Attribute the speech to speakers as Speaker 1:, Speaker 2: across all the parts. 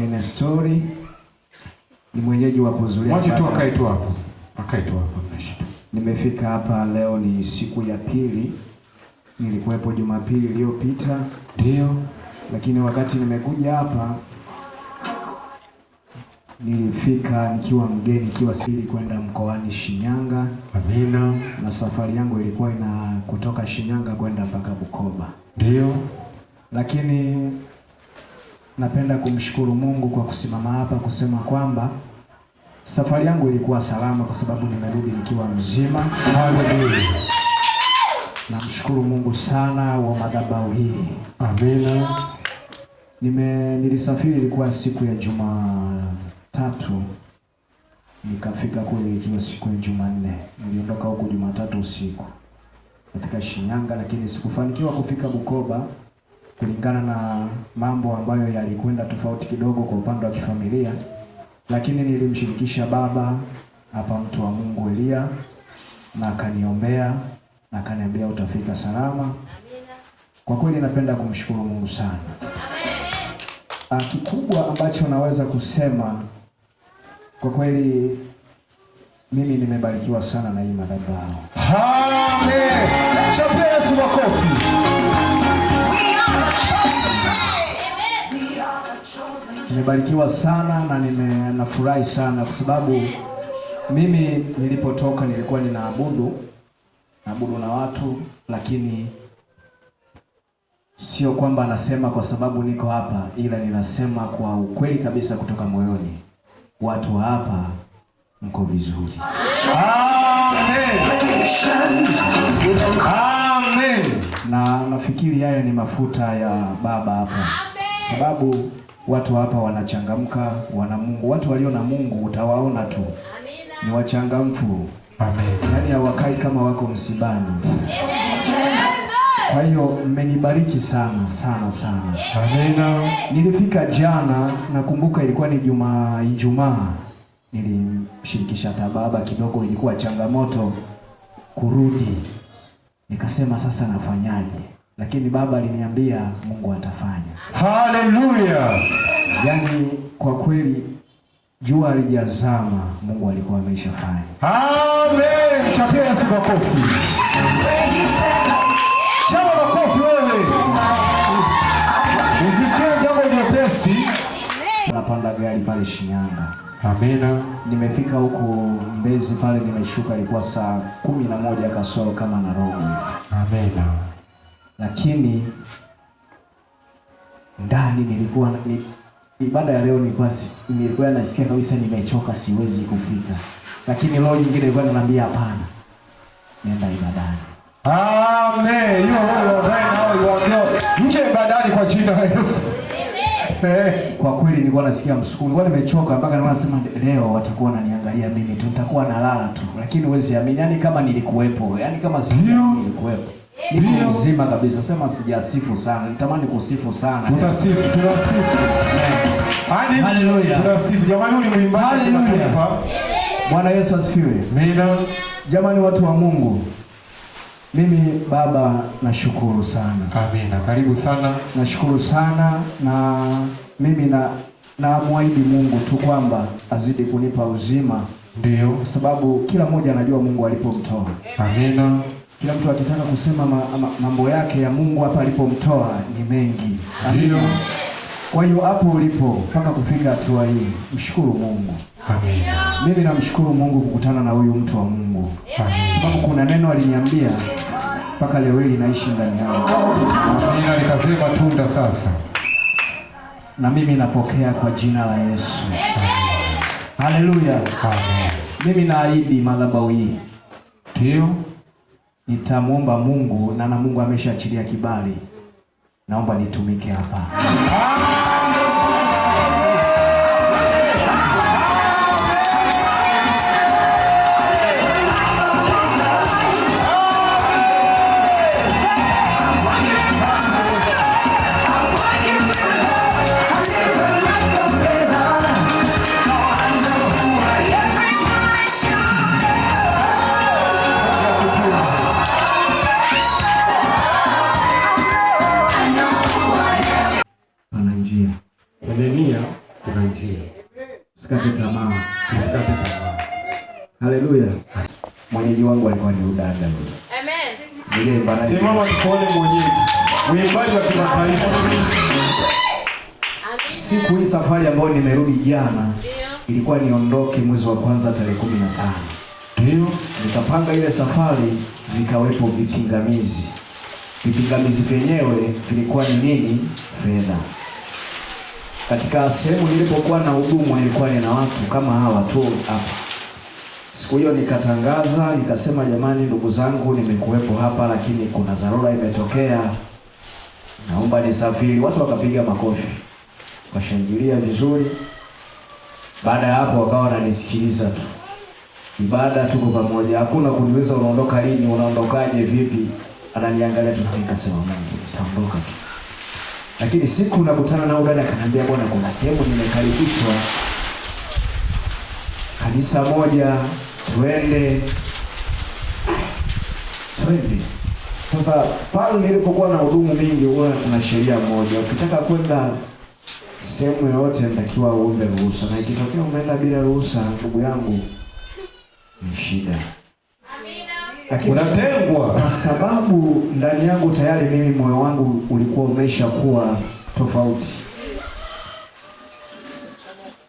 Speaker 1: ni Nestori, ni mwenyeji wa kuzulia.
Speaker 2: Mwaje tu akae hapo, akae tu
Speaker 1: Nimefika hapa leo, ni siku ya pili. Nilikuwepo Jumapili iliyopita, ndio, lakini wakati nimekuja hapa nilifika nikiwa mgeni, nikiwa sili kwenda mkoani Shinyanga. Amina. Na safari yangu ilikuwa ina kutoka Shinyanga kwenda mpaka Bukoba, ndio, lakini napenda kumshukuru Mungu kwa kusimama hapa kusema kwamba safari yangu ilikuwa salama kwa sababu nimerudi nikiwa mzima.
Speaker 2: Haleluya.
Speaker 1: Namshukuru Mungu sana wa madhabahu hii.
Speaker 2: Amina.
Speaker 1: Nime nilisafiri ilikuwa siku ya Jumatatu. Nikafika kule ikiwa siku ya Jumanne. Niliondoka huko Jumatatu usiku. Nafika Shinyanga lakini sikufanikiwa kufika Bukoba kulingana na mambo ambayo yalikwenda tofauti kidogo kwa upande wa kifamilia, lakini nilimshirikisha baba hapa, mtu wa Mungu Elia, na akaniombea na akaniambia utafika salama. Kwa kweli napenda kumshukuru Mungu sana. Ah, kikubwa ambacho naweza kusema kwa kweli, mimi nimebarikiwa sana na hii madhabahu.
Speaker 2: Amen. Chapeni makofi.
Speaker 1: nimebarikiwa sana na nafurahi sana kwa sababu mimi nilipotoka nilikuwa ninaabudu naabudu na watu, lakini sio kwamba nasema kwa sababu niko hapa, ila ninasema kwa ukweli kabisa kutoka moyoni, watu hapa mko vizuri.
Speaker 2: Amen. Amen.
Speaker 1: Na nafikiri haya ni mafuta ya baba hapa, sababu Watu hapa wanachangamka, wana Mungu. Watu walio na Mungu utawaona tu ni wachangamfu, yaani hawakai kama wako msibani. Kwa hiyo mmenibariki sana sana sana.
Speaker 2: Amina.
Speaker 1: Nilifika jana, nakumbuka ilikuwa ni juma Ijumaa, nilimshirikisha tababa kidogo, ilikuwa changamoto kurudi, nikasema sasa nafanyaje? lakini baba aliniambia Mungu atafanya.
Speaker 2: Haleluya!
Speaker 1: Yaani kwa kweli jua alijazama, Mungu alikuwa ameshafanya.
Speaker 2: Amen. Chapia Yesu kofi. Chapa makofi wewe. Usikie jambo jepesi.
Speaker 1: Napanda gari pale Shinyanga. Amina. Nimefika huko Mbezi pale nimeshuka ilikuwa saa kumi na moja kasoro kama na robo. Amina lakini ndani nilikuwa ni, ibada ya leo nilikuwa nilikuwa nasikia kabisa nimechoka, siwezi kufika, lakini roho nyingine ilikuwa inaniambia hapana, nenda ibadani.
Speaker 2: Amen, hiyo roho right now you are God, nje ibadani kwa jina la Yesu.
Speaker 1: Kwa kweli nilikuwa nasikia msukumo, nilikuwa nimechoka mpaka nilikuwa nasema leo watakuwa wananiangalia mimi tu, nitakuwa nalala tu, lakini huwezi amini, yani kama nilikuwepo, yani kama sio nilikuwepo Nzima kabisa, sema sijasifu sana, nitamani kusifu sana.
Speaker 2: Tutasifu, tutasifu. Yaani, Haleluya. Tutasifu. Jamani, ni mwimbaji
Speaker 1: Bwana Yesu asifiwe. Amina. Jamani, watu wa Mungu, mimi baba nashukuru sana.
Speaker 2: Amina. Karibu sana.
Speaker 1: Nashukuru sana na mimi na namwahidi Mungu tu kwamba azidi kunipa uzima. Ndio. Kwa sababu kila mmoja anajua Mungu alipomtoa. Amina. Kila mtu akitaka kusema ma, ma, mambo yake ya Mungu hapa alipomtoa ni mengi. Amina. Kwa hiyo hapo ulipo mpaka kufika hatua hii, mshukuru Mungu.
Speaker 2: Amina.
Speaker 1: Mimi namshukuru Mungu kukutana na huyu mtu wa Mungu. Sababu kuna neno aliniambia mpaka leo hii naishi ndani yao.
Speaker 2: Amina, nikasema tunda sasa.
Speaker 1: Na mimi napokea kwa jina la Yesu. Haleluya. Amina. Mimi naahidi madhabahu hii. Ndio nitamwomba Mungu na na Mungu ameshaachilia kibali, naomba nitumike hapa. udadani. Amen.
Speaker 2: Simama tukuone mwenyewe. Mwimbaji wa kimataifa.
Speaker 1: Siku hii safari ambayo nimerudi jana ilikuwa niondoke mwezi wa kwanza tarehe kumi na tano. Ndio nikapanga ile safari, vikawepo vipingamizi. Vipingamizi vyenyewe vilikuwa ni nini? Fedha. Katika sehemu nilipokuwa na huduma, nilikuwa nina watu kama hawa tu hapa Siku hiyo nikatangaza, nikasema jamani, ndugu zangu, nimekuwepo hapa, lakini kuna dharura imetokea, naomba nisafiri. Watu wakapiga makofi, wakashangilia vizuri. Baada ya hapo, wakawa wananisikiliza tu, ibada, tuko pamoja, hakuna kuniuliza unaondoka lini, unaondokaje, vipi. Ananiangalia tu, nikasema Mungu, nitaondoka tu. Lakini siku nakutana na udada, akaniambia bwana, kuna sehemu nimekaribishwa kanisa moja, twende twende. Sasa pale nilipokuwa na hudumu mingi, huwa kuna sheria moja, ukitaka kwenda sehemu yoyote natakiwa uombe ruhusa, na ikitokea umeenda bila ruhusa, ndugu yangu, ni shida
Speaker 2: unatengwa kwa
Speaker 1: sababu ndani yangu tayari mimi moyo wangu ulikuwa umesha kuwa tofauti.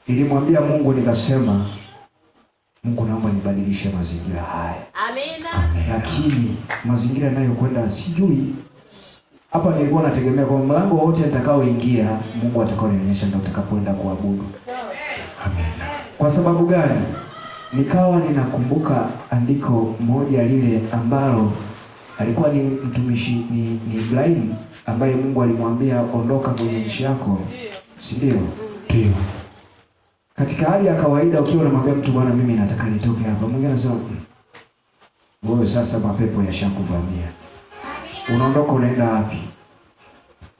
Speaker 1: Nilimwambia Mungu nikasema Mungu naomba nibadilishe mazingira haya. Amina. Lakini mazingira yanayokwenda sijui. Hapa nilikuwa nategemea kwa mlango wote nitakaoingia Mungu atakaonionyesha ndio nitakapoenda kuabudu. Amina. Kwa sababu gani? Nikawa ninakumbuka andiko moja lile ambalo alikuwa ni mtumishi ni, ni Ibrahim ambaye Mungu alimwambia ondoka kwenye nchi yako. Si ndio? Ndio. Katika hali ya kawaida ukiwa unamwambia mtu bwana, mimi nataka nitoke hapa, mwingine anasema wewe sasa mapepo yashakuvamia, unaondoka unaenda wapi?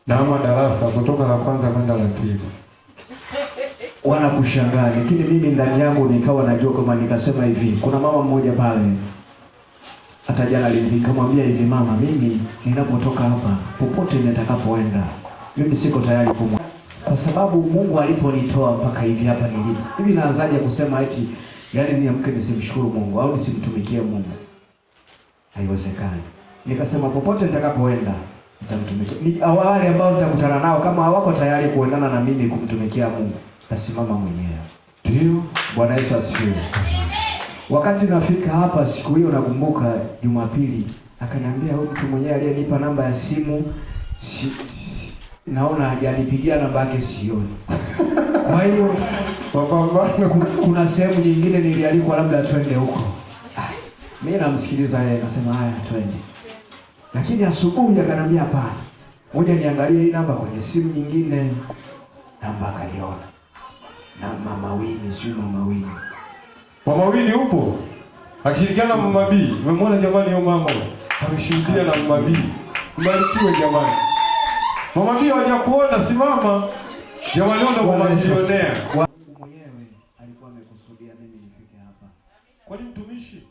Speaker 2: Naama darasa kutoka la kwanza kwenda la pili,
Speaker 1: wanakushangaa. Lakini mimi ndani yangu nikawa najua kama, nikasema hivi, kuna mama mmoja pale hata jana nikamwambia hivi, mama, mimi ninapotoka hapa, popote nitakapoenda, mimi siko tayari kumwa kwa sababu Mungu aliponitoa mpaka hivi hapa nilipo. Hivi naanzaje kusema eti yaani niamke nisimshukuru Mungu au nisimtumikie Mungu? Haiwezekani. Nikasema popote nitakapoenda nitamtumikia. Wale ambao nitakutana nao kama hawako tayari kuendana na mimi kumtumikia Mungu, nasimama mwenyewe. Ndio, Bwana Yesu asifiwe. Wakati nafika hapa siku hiyo, nakumbuka Jumapili, akaniambia huyu mtu mwenyewe aliyenipa namba ya simu si, si, naona hajanipigia namba yake sioni. Kwa hiyo
Speaker 2: mapambano,
Speaker 1: kuna sehemu nyingine nilialikwa, labda twende huko. Ah, mimi namsikiliza yeye, nasema haya, twende. Lakini asubuhi akanambia hapana, ngoja niangalie hii namba kwenye simu nyingine. Namba akaiona na mama Wini, sio mama Wini,
Speaker 2: mama Wini upo akishirikiana na mama B. Umemwona jamani, huyo mama ameshuhudia na mama B. Mbarikiwe jamani. Mwambie wajakuona, simama. Jamani, ndio mwanajionea.
Speaker 1: Mungu mwenyewe alikuwa amekusudia mimi nifike hapa.
Speaker 2: Kwani mtumishi?